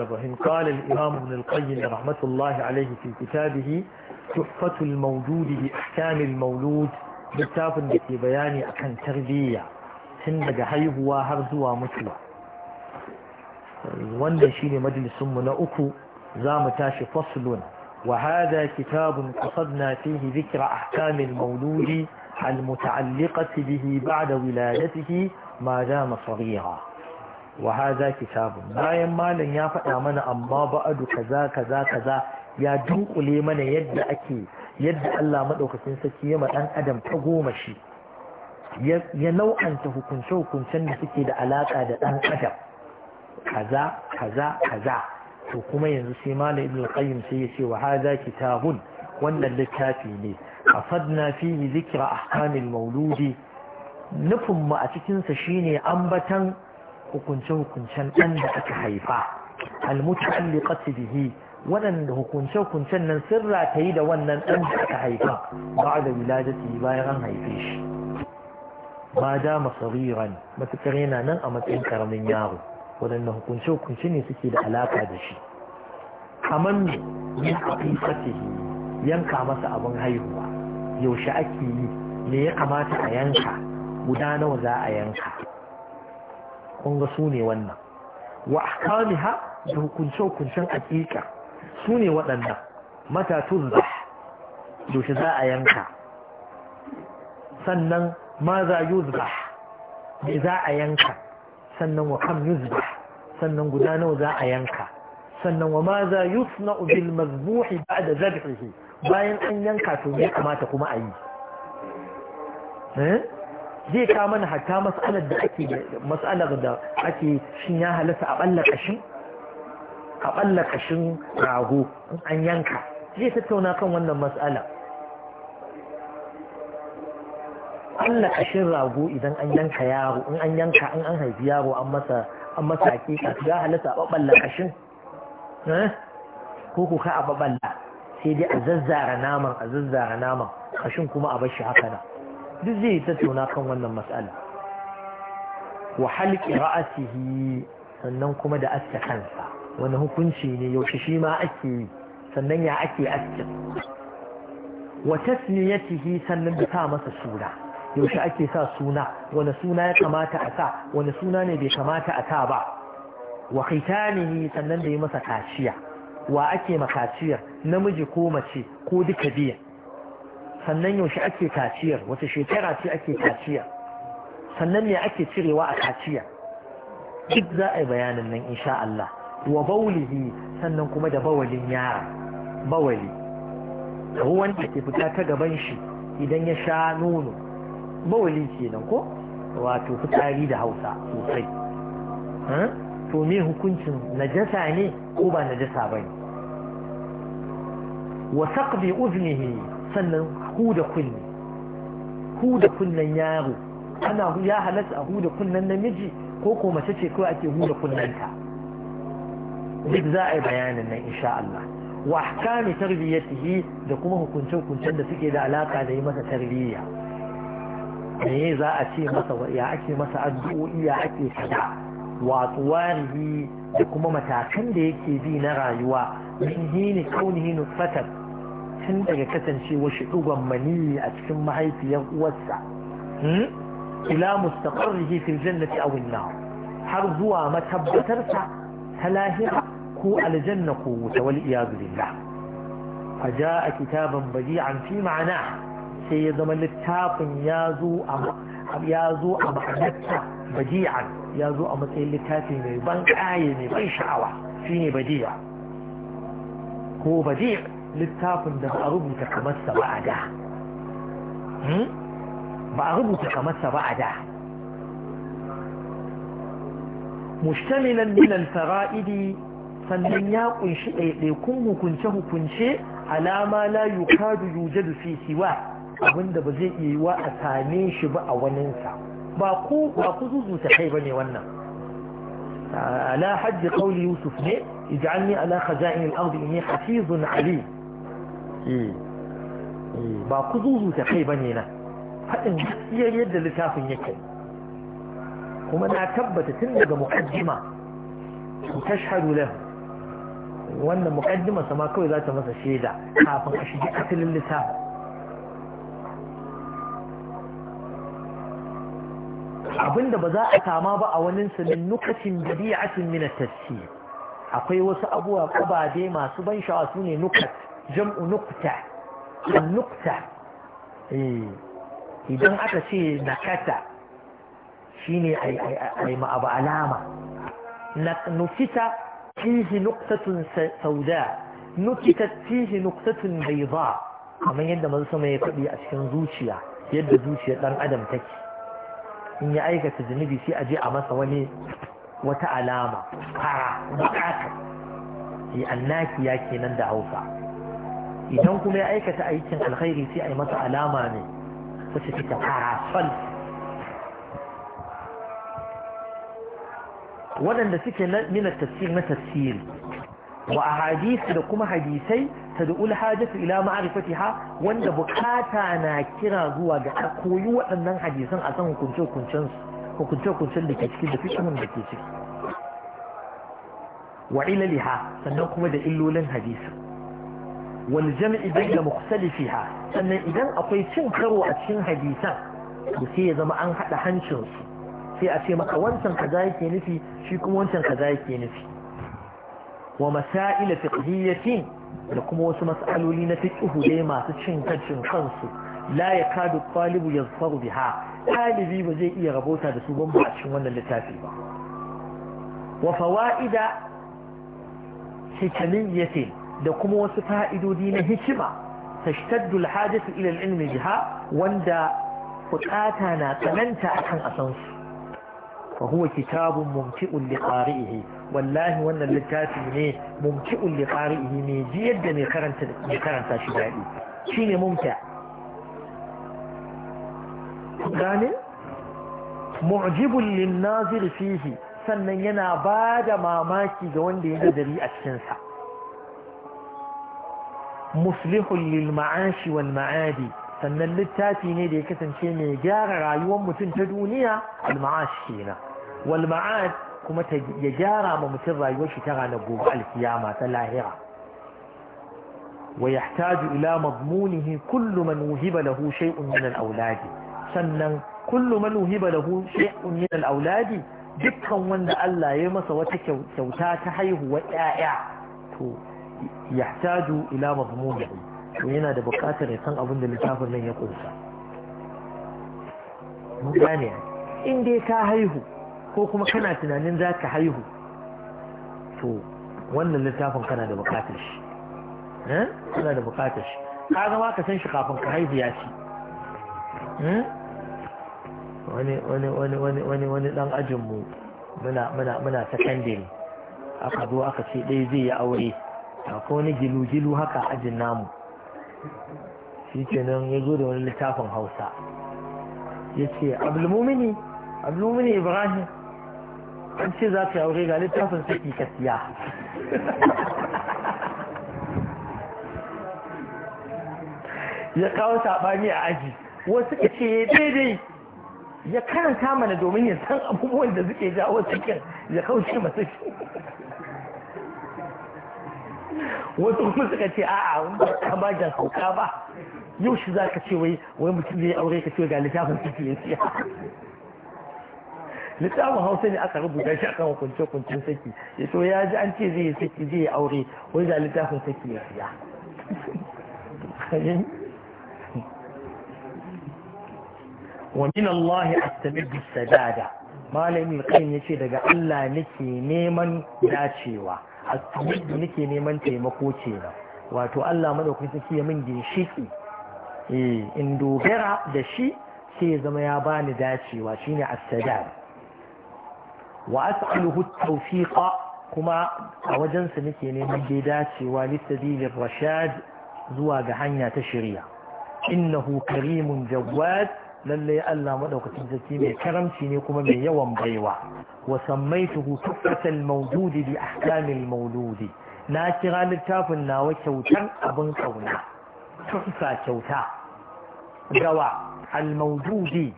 الرحيم قال الإمام ابن القيم رحمة الله عليه في كتابه تحفة الموجود بأحكام المولود بالتاب في بيان أكن تربية سنة جحيه وهرز ومثلة والنشين مجلس من أكو زام تاشي فصل وهذا كتاب قصدنا فيه ذكر أحكام المولود المتعلقة به بعد ولادته ما دام صغيرا wa haza kitabun bayan malam ya faɗa mana amma ba'adu kaza kaza kaza ya dunkule mana yadda ake yadda Allah madaukakin sarki ma dan adam ta goma shi ya nau'anta hukunce hukuncen da suke da alaka da dan adam kaza kaza kaza to kuma yanzu sai malam ibnu qayyim sai ya ce wa haza kitabun wannan littafi ne afadna fihi zikra ahkamil mauludi nufin mu a cikin sa shine ambatan hukunce-hukuncen ɗan da aka haifa almuta'alliqati bihi waɗanda hukunce-hukuncen nan sirra ta yi da wannan ɗan da aka haifa ba da wiladati bayan an haife shi ma da masariran matukar yana nan a matsayin karamin yaro waɗanda hukunce-hukunce ne suke da alaka da shi kamar yin aqiqatihi yanka masa abin haihuwa yaushe ake yi me ya kamata a yanka guda nawa za a yanka kun ga su ne wannan wa ahkamiha da hukunce hukuncen hakika su ne waɗannan mata tuzbah yaushe za a yanka sannan ma za yuzbah me za a yanka sannan wa kam yuzbah sannan guda nawa za a yanka sannan wa ma za yusna bil mazbuhi ba'da zabhihi bayan an yanka to ya kamata kuma a yi eh? zai ka mana hatta mas'alar da ake mas'alar da ake shin ya halatta a ɓalla ƙashin a balla ƙashin rago an yanka zai tattauna kan wannan mas'ala balla ƙashin rago idan an yanka yaro in an yanka in an haifi yaro an masa an masa kasu ya halatta a balla ƙashin? Eh? ko ku ka a balla sai dai a zazzara naman a zazzara naman ƙashin kuma a bar shi haka nan duk zai tattauna kan wannan matsalar. wa halqi ra'atihi sannan kuma da aske kansa wani hukunci ne yaushe shi ma ake yi sannan ya ake aske wa tasmiyatihi sannan da sa masa suna yaushe ake sa suna wani suna ya kamata a sa wani suna ne bai kamata a sa ba wa khitanihi sannan da yi masa kaciya wa ake makaciyar namiji ko mace ko duka biyan sannan yaushe ake kaciyar wata shekara ce ake kaciya sannan me ake cirewa a kaciya duk za a yi bayanin nan insha Allah wa bawlihi sannan kuma da bawalin yara bawali ko wanda ke fita ta gaban shi idan ya sha nono bawali kenan ko wato fitari da hausa sosai to me hukuncin najasa ne ko ba najasa bane wa saqbi uznihi sannan huda kunne huda kunnen yaro ana ya halatta a huda kunnen namiji ko ko mace ce kawai ake huda kunnenta duk za a yi bayanin nan insha Allah wa ahkami tarbiyatihi da kuma hukunce hukuncen da suke da alaka da yi masa tarbiyya me za a ce masa ya ake masa addu'o'i ya ake kada watsuwarihi da kuma matakan da yake bi na rayuwa min hini kaunihi nutfatan tun daga kasance wasu ɗugon manini a cikin mahaifiyar uwarsa hmm? ila mustaqarrihi fil jannati aw har zuwa matabbatarsa ta lahira ko aljanna ko wuta wal iyadu billah fa jaa kitaban badi'an fi ma'ana sai ya zama littafin ya a ya a ma'anarsa badi'an ya a matsayin littafi mai ban kaye mai ban sha'awa shine badi'a ko badi' littafin da ba a rubuta kamar sa ba a da hmm? ba a rubuta kamar sa ba a da mushtamilan min al-fara'idi sannan ya kunshi ɗaiɗaikun hukunce-hukunce alama la yukadu yujadu fi siwa abinda ba zai iya yiwa a same shi ba a waninsa ba ku ba ku zuzuta kai ne wannan ala hajji yusuf ne ij'alni ala khaza'in al ne inni hafizun Ali. Eh. ba ku zuzuta kai ba ne na faɗin gaskiyar yadda littafin yake kuma na tabbata tun daga muƙaddima, ku tashhadu lahu wannan muqaddima sama kawai za ta masa shaida kafin a shige asalin littafin abinda ba za a kama ba a wani sanin nukacin bidi'atin min at-tafsir akwai wasu abubuwa kababe masu ban sha'awa ne nukat jam'u nukta eh, idan aka ce nakata shine ai ma abu alama nukita fihi nuktatun sauda nukitat fihi kamar yadda manzo sama ya faɗi a cikin zuciya yadda zuciyar ɗan adam take in ya aikata zunubi sai a je a masa wani wata alama fara bukata eh, annaki ya kenan da hausa idan kuma ya aikata aikin alkhairi sai a yi masa alama ne wacce take karafal waɗanda suke mina tafsir na tafsir wa a hadisi da kuma hadisai ta da ulhajatu ila ha wanda bukata na kira zuwa ga a koyi waɗannan hadisan a san hukunce-hukuncen da ke ciki da fikimin da ke ciki wa ilaliha sannan kuma da illolin hadisan. Wani wal jam'i bayna mukhtalifiha sannan idan akwai cin karo a cikin hadisan to ya zama an haɗa hancin su sai a ce maka wancan kaza yake nufi shi kuma wancan kaza yake nufi wa masail fiqhiyyatin da kuma wasu mas'aloli na fiqhu dai masu cin kancin kansu la yakadu talibu yazfaru biha talibi ba zai iya rabota da su ban ba wannan littafi ba wa fawaida hikamiyatin da kuma wasu fa'idodi na hikima tashtaddu alhajatu ila ilmi biha wanda bukata na tsananta akan asan su fa huwa kitabun mumti'un li qari'ihi wallahi wannan littafi ne mumti'un ulli qari'ihi ne ji yadda mai karanta mai karanta shi dadi shine mumta gane mu'jibun lin nazir fihi sannan yana bada mamaki ga wanda ya gadari a cikinsa. muslihun lil ma'ashi wal ma'adi sannan littafi ne da ya kasance mai gyara rayuwar mutum ta duniya al ma'ash kenan wal ma'ad kuma ya gyara ma mutum rayuwar shi ta ranar gobe alkiyama ta lahira wa yahtaju ila madmunihi kullu man wuhiba lahu shay'un min al auladi sannan kullu man wuhiba lahu shay'un min al auladi dukkan wanda Allah ya masa wata kyauta ta haihuwa ƴaƴa to yahtaju ila mazmunihi yana da buƙatar ya san abin da littafin nan ya kunsa mun gane in dai ka haihu ko kuma kana tunanin za ka haihu to wannan littafin kana da buƙatar shi eh? kana da buƙatar shi ka zama ka san shi kafin ka haihu ya ci hmm? wani dan ajinmu muna muna muna sakandare aka zo aka ce ɗaya zai yi aure akwai wani gilu-gilu haka ajin namu shi kenan ya zo da wani littafin hausa ya ce abulmumini abulmumini ibrahim an ce za ka yi aure ga littafin saki ka siya ya kawo saɓani a aji wasu ka ce eh, daidai ya karanta mana domin ya san abubuwan da suke jawo cikin ya kawo shi masu shi wasu kuma suka ce a'a wani ba ka ba jan sauka ba yau shi za ka ce wai wai mutum zai aure ka ce ga littafin ciki ya siya littafin hausa ne aka rubuta shi akan hukunce hukuncin saki ya so ya ji an ce zai yi saki zai yi aure wai ga littafin saki ya siya ومن الله أستمد السدادة ما لم يقين يشي daga Allah nake neman dacewa. asibir da nake neman taimako ce na wato Allah madaukakin sarki ya min ginshiki eh in dogara da shi sai ya zama ya bani dacewa shine as-sadar wa as'aluhu at kuma a wajen sa nake neman dacewa lisabilir rashad zuwa ga hanya ta shari'a innahu karimun jawad lalle Allah madaukakin sarki mai karamci ne kuma mai yawan baiwa wa sammaituhu tuffatan mawjudi bi ahkamil mawludi na kira littafin nawa kyautar abin kauna tuffa kyauta gawa al mawjudi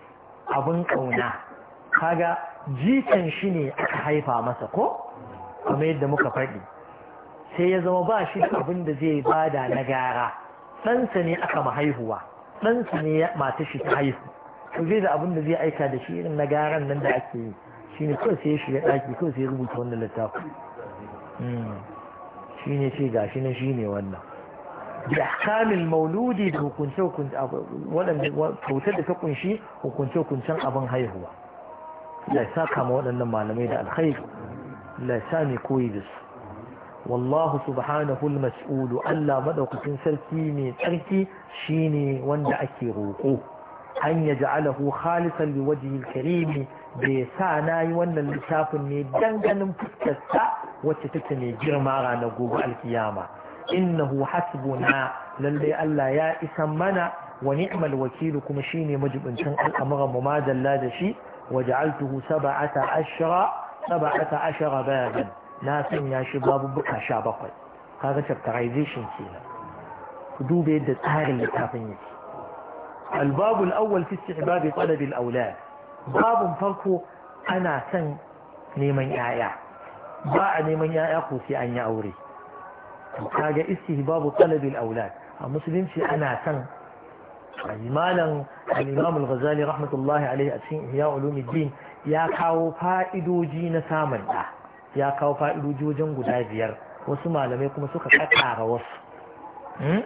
abin kauna kaga jikan shi ne aka haifa masa ko kuma yadda muka faɗi sai ya zama ba shi abin da zai bada na gara ɗansa ne aka mahaihuwa ɗansa ne mata shi ta haihu to zai da abin da zai aika da shi irin na garan nan da ake yi shi ne kawai sai ya shiga ɗaki kawai sai ya rubuta wannan littafi hmm. shi ne ce ga shi nan shi ne wannan da kamil mauludi da hukunce hukunce waɗanda kyautar da ta kunshi hukunce hukuncen abin haihuwa ya sa kama waɗannan malamai da alkhairu. la sa ne koyi da su wallahu subhanahu al-mas'ulu Allah madaukakin sarki ne tsarki shine wanda ake roƙo an yaj'alahu khalisan liwajhi al-karim bai sa nayi wannan littafin ne danganin fuskar wacce take mai girma ranar gobe alkiyama innahu hasbuna lalle Allah ya isa mana wa ni'mal wakil kuma shine majibincin al'amuran mu ma da shi waja'altuhu sab'ata ashra sab'ata na ya shi babubuka sha bakwai kaga chapterization ce ku dube yadda tsarin littafin yake awwal الأول في استحباب طلب الأولاد باب farko ana سن neman ‘ya'ya ba a neman ‘ya'ya ko sai an yi aure kaga babu talabil aulad a musulunci ana san malam al-imam al-ghazali rahmatullahi a cikin ihya ulumuddin ya kawo fa'idoji na samun da ya kawo fa'idojojin guda biyar wasu malamai kuma suka kakara wasu hmm?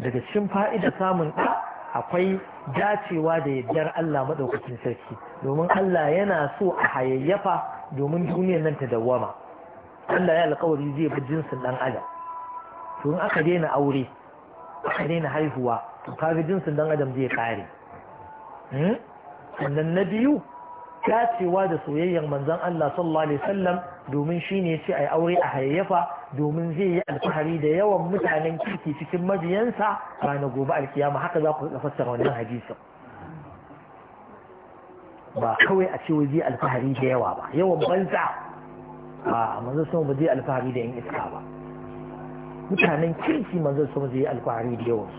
daga cikin fa'ida samun ɗa akwai dacewa da yardar Allah maɗaukacin sarki domin Allah yana so a hayayyafa domin duniyar nan ta dawama. Allah ya alƙawari zai bi jinsin ɗan adam to in aka daina aure aka daina haihuwa to kaga jinsin ɗan adam zai ƙare hmm? sannan na biyu dacewa da soyayyar manzon Allah sallallahu alaihi wasallam domin shi ne sai a yi aure a hayayyafa domin zai yi alfahari da yawan mutanen kirki cikin mabiyansa ba na gobe alkiyama haka za ku fassara wannan hadisin ba kawai a ce waje alfahari da yawa ba yawan banza a manzo sun ba zai alfahari da yin iska ba mutanen kirki manzo sun zai alfahari da yawan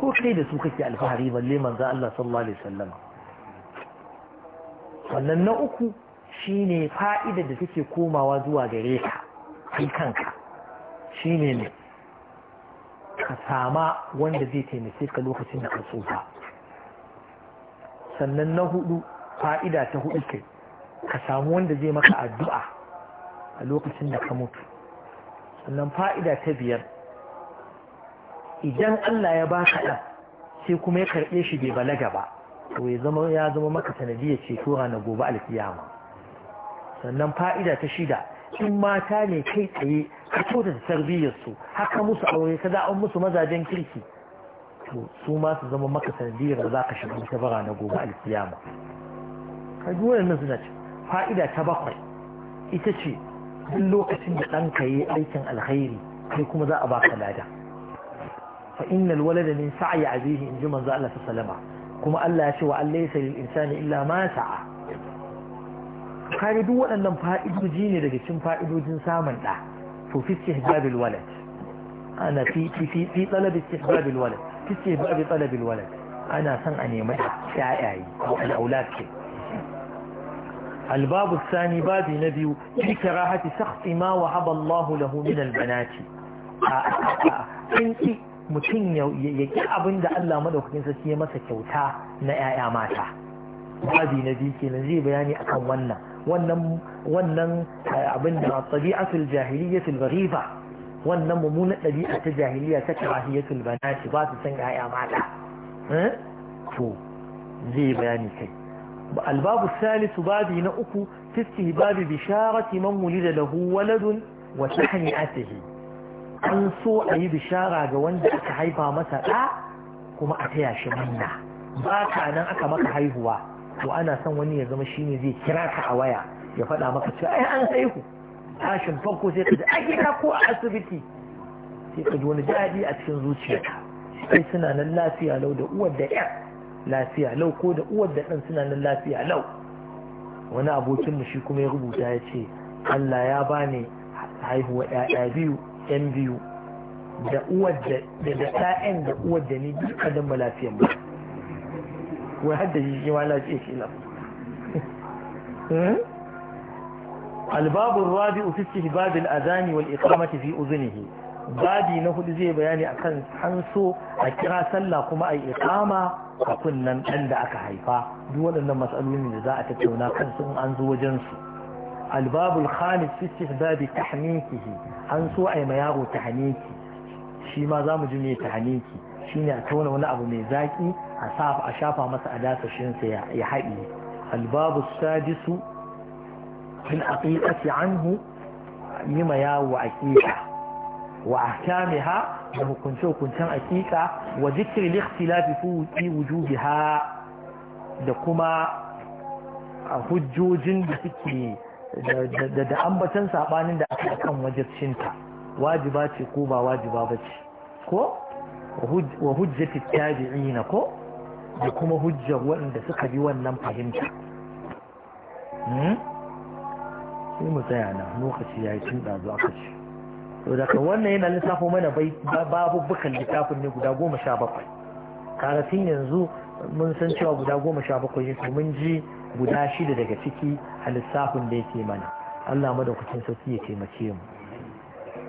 ko kai da su kake alfahari balle manzo Allah sallallahu alaihi wasallam Wannan na uku Shi ne fa'ida da suke komawa zuwa gare ka kai kanka shi ne ne. ka sama wanda zai taimake ka lokacin da ka tsufa sannan na hudu fa'ida ta hudu kai ka samu wanda zai maka addu'a a lokacin da ka mutu sannan fa'ida ta biyar idan Allah ya ba ka ɗan sai kuma ya karɓe shi bai balaga ba to ya zama maka sanadiyar tura na gobe alfiyama. sannan fa'ida ta shida in mata ne kai tsaye ka kyauta ta tarbiyyarsu haka musu aure ka za musu mazajen kirki to su ma su zama maka sanadiyar da za ka shiga ta bara na gobe alkiyama ka ji wannan suna ce fa'ida ta bakwai ita ce duk lokacin da ɗanka yi aikin alkhairi kai kuma za a baka lada fa innal walada min sa'yi ya in ji manzo Allah sallama kuma Allah ya ce wa allaysa lil insani illa ma sa'a kare duk waɗannan fa'idoji ne daga cikin fa'idojin samun ɗa to fi istihbabil walet, ana fi fi fi talab istihbabil walad fi istihbabil talabil walet, ana son a nemi da ƴaƴaye ko al'aulad ce الباب الثاني باب نبي في كراهة سخط ما وهب الله له من البنات انت mutum ya ƙi abin da Allah madaukakin sarki ya masa kyauta na ƴaƴa mata. Babi na biyu kenan zai bayani akan wannan wannan wannan eh, abin da tabi'atul jahiliyatul ghariba wannan mumuna ɗabi'a ta jahiliya ta karahiyatul banati ba su san ƴaƴa mata eh? to zai bayani kai الباب الثالث بابي نأكو في استهباب بشارة من ولد له ولد وتحنئته an so a yi bishara ga wanda aka haifa masa ɗa kuma a taya shi manna ba ka nan aka maka haihuwa to ana son wani ya zama shine zai kira ka a waya ya faɗa maka cewa ai an haihu tashin farko sai ka ji ake ka ko a asibiti sai ka ji wani daɗi a cikin zuciyarka sai suna nan lafiya lau da uwar da ƴan lafiya lau ko da uwar da ɗan suna nan lafiya lau wani abokin mu shi kuma ya rubuta ya ce Allah ya bani haihuwa ƴaƴa biyu ƴan biyu da uwar da da da uwar da ni duka dan ba lafiyan ba. wai hadda shi shi ma lafiya shi hmm? rabi الباب الرابع في استهباب الأذان والإقامة في babi na hudu zai bayani akan an a kira sallah kuma a ikama a kunnen ɗan da aka haifa duk waɗannan matsalolin da za a tattauna kan sun an zo wajen su albabul khamis fi istihbabi tahmikihi an so a yi ma yaro tahmiki shi ma za ji me tahniki shine a tauna wani abu mai zaki a shafa masa adasashinsa ya haɗi albabu sadisu fil aqiqati anhu yima yawo aqiqa wa ahkamiha da hukunce hukuncen aqiqa wa zikri likhtilafi fi wujubiha da kuma hujjojin da suke da ambatan sabanin da aka kan wajibcinta wajiba ce ko ba wajiba bace ko wa hujjati tabi'ina ko da kuma hujjar waɗanda suka bi wannan fahimta hmm? sai mu tsaya na lokaci ya yi tun ɗazu aka ce to daga wannan yana lissafo mana babubukan littafin ne guda goma sha bakwai karatun yanzu mun san cewa guda goma sha bakwai ne to mun ji guda shida daga ciki a lissafin da yake mana Allah madaukakin sauki ya taimake mu